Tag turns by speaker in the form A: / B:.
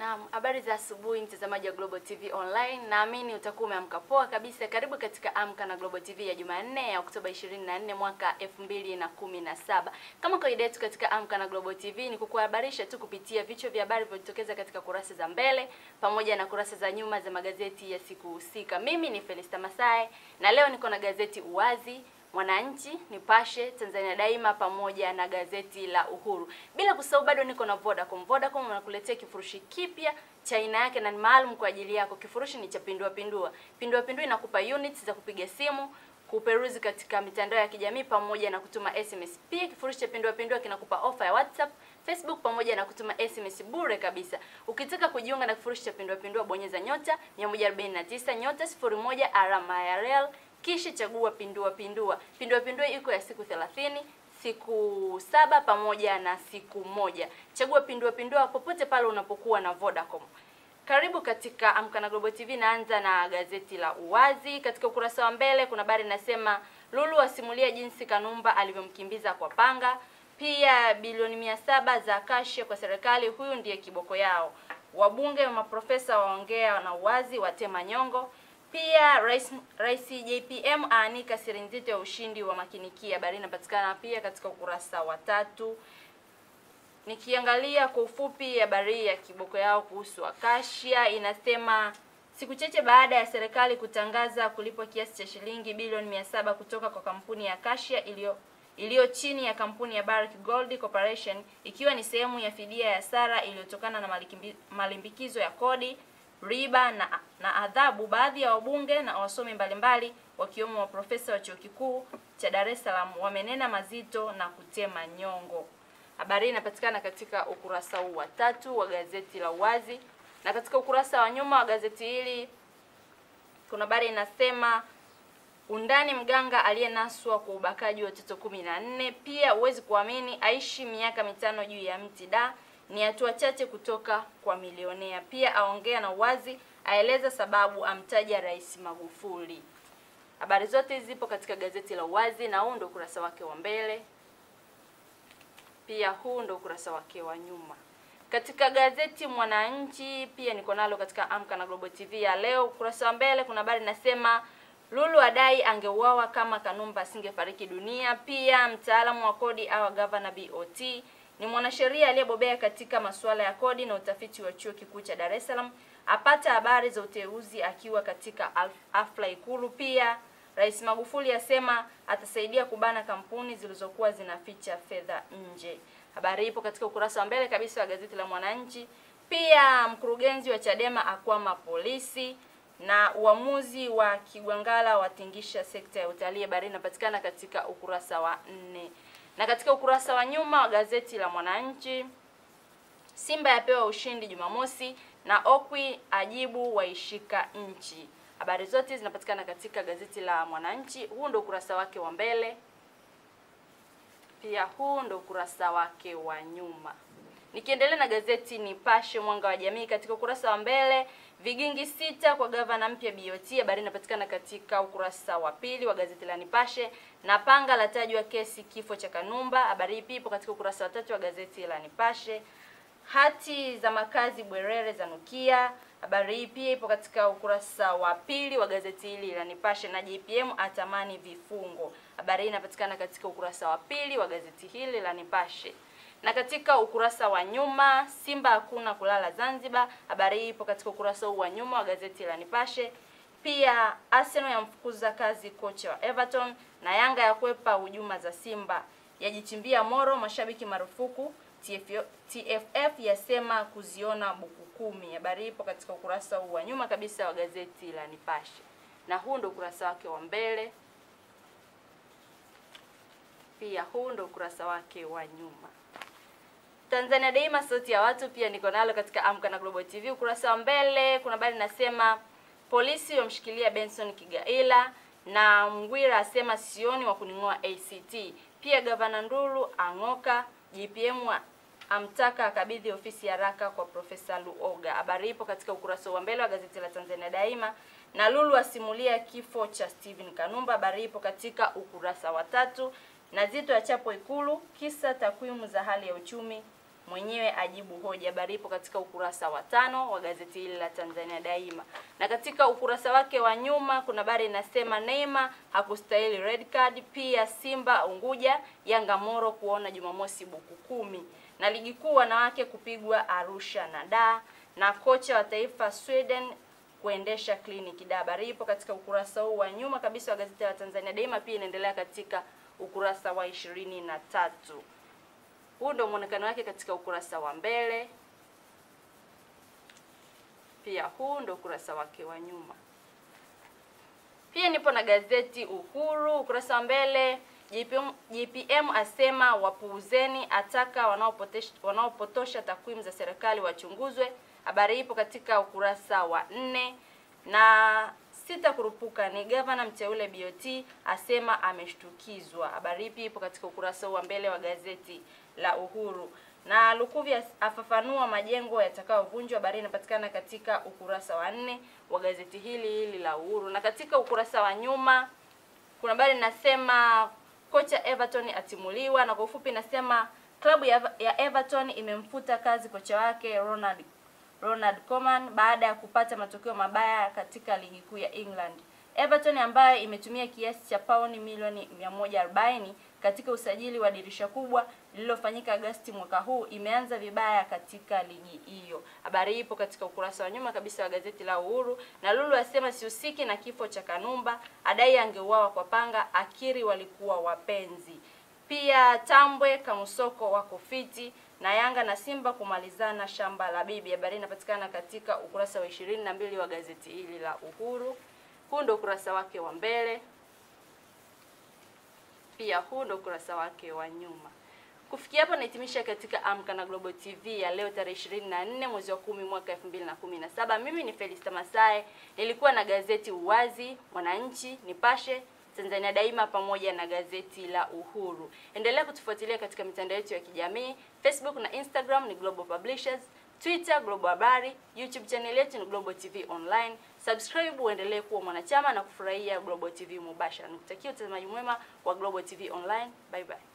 A: Naam, habari za asubuhi mtazamaji wa Global TV Online. Naamini utakuwa umeamka poa kabisa. Karibu katika Amka na Global TV ya Jumanne ya Oktoba 24 mwaka 2017. Kama kawaida yetu katika Amka na Global TV ni kukuhabarisha tu kupitia vichwa vya habari vilivyotokeza katika kurasa za mbele pamoja na kurasa za nyuma za magazeti ya siku husika. Mimi ni Felista Masai na leo niko na gazeti Uwazi Mwananchi, Nipashe, Tanzania Daima pamoja na gazeti la Uhuru. Bila kusahau bado niko na Vodacom. Vodacom wanakuletea kifurushi kipya cha aina yake na ni maalum kwa ajili yako. Kifurushi ni cha pindua pindua. Pindua pindua inakupa units za kupiga simu, kuperuzi katika mitandao ya kijamii pamoja na kutuma SMS. Pia kifurushi cha pindua pindua kinakupa ofa ya WhatsApp, Facebook pamoja na kutuma SMS bure kabisa. Ukitaka kujiunga na kifurushi cha pindua pindua bonyeza nyota 149 nyota 01 alama ya real kisha chagua pindua pindua. Pindua pindua iko ya siku 30, siku saba pamoja na siku moja. Chagua pindua pindua popote pale unapokuwa na Vodacom. Karibu katika Amka na Global TV. Naanza na gazeti la Uwazi. Katika ukurasa wa mbele kuna habari inasema Lulu asimulia jinsi Kanumba alivyomkimbiza kwa panga, pia bilioni mia saba za kashe kwa serikali. Huyu ndiye kiboko yao. Wabunge maprofesa waongea na Uwazi, watema nyongo. Pia Rais, Rais JPM aanika siri nzito ya ushindi wa makinikia. Habari inapatikana pia katika ukurasa wa tatu. Nikiangalia kwa ufupi habari ya, ya kiboko yao kuhusu Akashia inasema siku chache baada ya serikali kutangaza kulipwa kiasi cha shilingi bilioni 700 kutoka kwa kampuni ya Akashia iliyo iliyo chini ya kampuni ya Barrick Gold Corporation ikiwa ni sehemu ya fidia ya hasara iliyotokana na malimbikizo ya kodi riba na, na adhabu, baadhi ya wabunge na wasomi mbalimbali wakiwemo waprofesa wa chuo kikuu cha Dar es Salaam wamenena mazito na kutema nyongo. Habari hii inapatikana katika ukurasa huu wa tatu wa gazeti la Uwazi, na katika ukurasa wa nyuma wa gazeti hili kuna habari inasema undani mganga aliyenaswa kwa ubakaji wa watoto kumi na nne. Pia huwezi kuamini aishi miaka mitano juu ya mti da ni hatua chache kutoka kwa milionea. Pia aongea na uwazi, aeleza sababu, amtaja Rais Magufuli. Habari zote zipo katika gazeti la Uwazi na huu ndio ukurasa wake wa mbele, pia huu ndio ukurasa wake wa nyuma. Katika gazeti Mwananchi pia niko nalo katika Amka na Global TV ya leo, ukurasa wa mbele kuna habari nasema Lulu adai angeuawa kama Kanumba asingefariki dunia. Pia mtaalamu wa kodi au gavana BOT ni mwanasheria aliyebobea katika masuala ya kodi na utafiti wa Chuo Kikuu cha Dar es Salaam. Apata habari za uteuzi akiwa katika afla Ikulu. Pia Rais Magufuli asema atasaidia kubana kampuni zilizokuwa zinaficha fedha nje. Habari ipo katika ukurasa wa mbele kabisa wa gazeti la Mwananchi. Pia mkurugenzi wa Chadema akwama polisi na uamuzi wa Kigwangala watingisha sekta ya utalii. Habari inapatikana katika ukurasa wa nne. Na katika ukurasa wa nyuma wa gazeti la Mwananchi, Simba yapewa ushindi Jumamosi na Okwi ajibu waishika nchi. Habari zote zinapatikana katika gazeti la Mwananchi. Huu ndio ukurasa wake wa mbele, pia huu ndio ukurasa wake wa nyuma. Nikiendelea na gazeti Nipashe mwanga wa jamii, katika ukurasa wa mbele Vigingi sita kwa gavana mpya BOT. Habari inapatikana katika ukurasa wa pili wa gazeti la Nipashe. Na panga la tajwa kesi kifo cha Kanumba. Habari hii ipo katika ukurasa wa tatu wa gazeti la Nipashe. Hati za makazi Bwerere za nukia. Habari hii pia ipo katika ukurasa wa pili wa gazeti hili la Nipashe. Na JPM atamani vifungo. Habari hii inapatikana katika ukurasa wa pili wa gazeti hili la Nipashe. Na katika ukurasa wa nyuma, Simba hakuna kulala Zanzibar, habari hii ipo katika ukurasa huu wa nyuma wa gazeti la Nipashe. Pia Arsenal yamfukuza kazi kocha wa Everton na Yanga ya kwepa hujuma za Simba, yajichimbia Moro mashabiki marufuku. TFF, TFF yasema kuziona buku kumi. Habari ipo katika ukurasa huu wa nyuma kabisa wa gazeti la Nipashe, na huu ndio ukurasa wake wa mbele, pia huu ndio ukurasa wake wa nyuma. Tanzania Daima sauti ya watu pia niko nalo katika Amka na Global TV ukurasa wa mbele. Kuna habari nasema polisi wamshikilia Benson Kigaila na Mgwira asema sioni wa kuning'oa ACT. Pia gavana Ndulu ang'oka, GPM amtaka akabidhi ofisi ya raka kwa Profesa Luoga. Habari ipo katika ukurasa wa mbele wa gazeti la Tanzania Daima na Lulu asimulia kifo cha Steven Kanumba. Habari ipo katika ukurasa wa tatu na Zito chapo Ikulu kisa takwimu za hali ya uchumi mwenyewe ajibu hoja. Habari ipo katika ukurasa wa tano wa gazeti hili la Tanzania Daima, na katika ukurasa wake wa nyuma kuna habari inasema Neymar hakustahili red card, pia Simba Unguja, Yanga Moro kuona Jumamosi buku kumi, na ligi kuu wanawake kupigwa Arusha na da na kocha wa taifa Sweden kuendesha kliniki da. Habari ipo katika ukurasa huu wa nyuma kabisa wa gazeti la Tanzania Daima, pia inaendelea katika ukurasa wa ishirini na tatu. Huu ndio muonekano wake katika ukurasa wa mbele. Pia huu ndio ukurasa wake wa nyuma. Pia nipo na gazeti Uhuru ukurasa wa mbele. GPM, GPM asema wapuuzeni, ataka wanaopotosha, wanaopotosha takwimu za serikali wachunguzwe. Habari ipo katika ukurasa wa nne na Sitakurupuka ni gavana mteule BOT asema ameshtukizwa. Habari hii ipo katika ukurasa wa mbele wa gazeti la Uhuru na Lukuvi afafanua majengo yatakayovunjwa. Habari inapatikana katika ukurasa wa nne wa gazeti hili hili la Uhuru, na katika ukurasa wa nyuma kuna habari inasema kocha Everton atimuliwa, na kwa ufupi inasema klabu ya Everton imemfuta kazi kocha wake Ronald Ronald Koeman baada ya kupata matokeo mabaya katika ligi kuu ya England. Everton ambayo imetumia kiasi cha pauni milioni 140 katika usajili wa dirisha kubwa lililofanyika Agosti mwaka huu imeanza vibaya katika ligi hiyo. Habari ipo katika ukurasa wa nyuma kabisa wa gazeti la Uhuru. Na Lulu asema sihusiki na kifo cha Kanumba, adai angeuawa kwa panga, akiri walikuwa wapenzi. Pia Tambwe Kamusoko wako fiti, na Yanga na Simba kumalizana shamba la bibi. Habari inapatikana katika ukurasa wa ishirini na mbili wa gazeti hili la Uhuru. Huu ndio ukurasa wake wa mbele, pia huu ndio ukurasa wake wa nyuma. Kufikia hapo nahitimisha katika Amka na Global TV ya leo tarehe 24 mwezi wa 10 mwaka 2017. Mimi ni Felista Masae, nilikuwa na gazeti Uwazi, Mwananchi, Nipashe Tanzania Daima pamoja na gazeti la Uhuru. Endelea kutufuatilia katika mitandao yetu ya kijamii, Facebook na Instagram ni Global Publishers, Twitter Global Habari, YouTube channel yetu ni Global TV Online. Subscribe uendelee kuwa mwanachama na kufurahia Global TV mubashara. Nikutakia utazamaji mwema wa Global TV Online. Bye bye.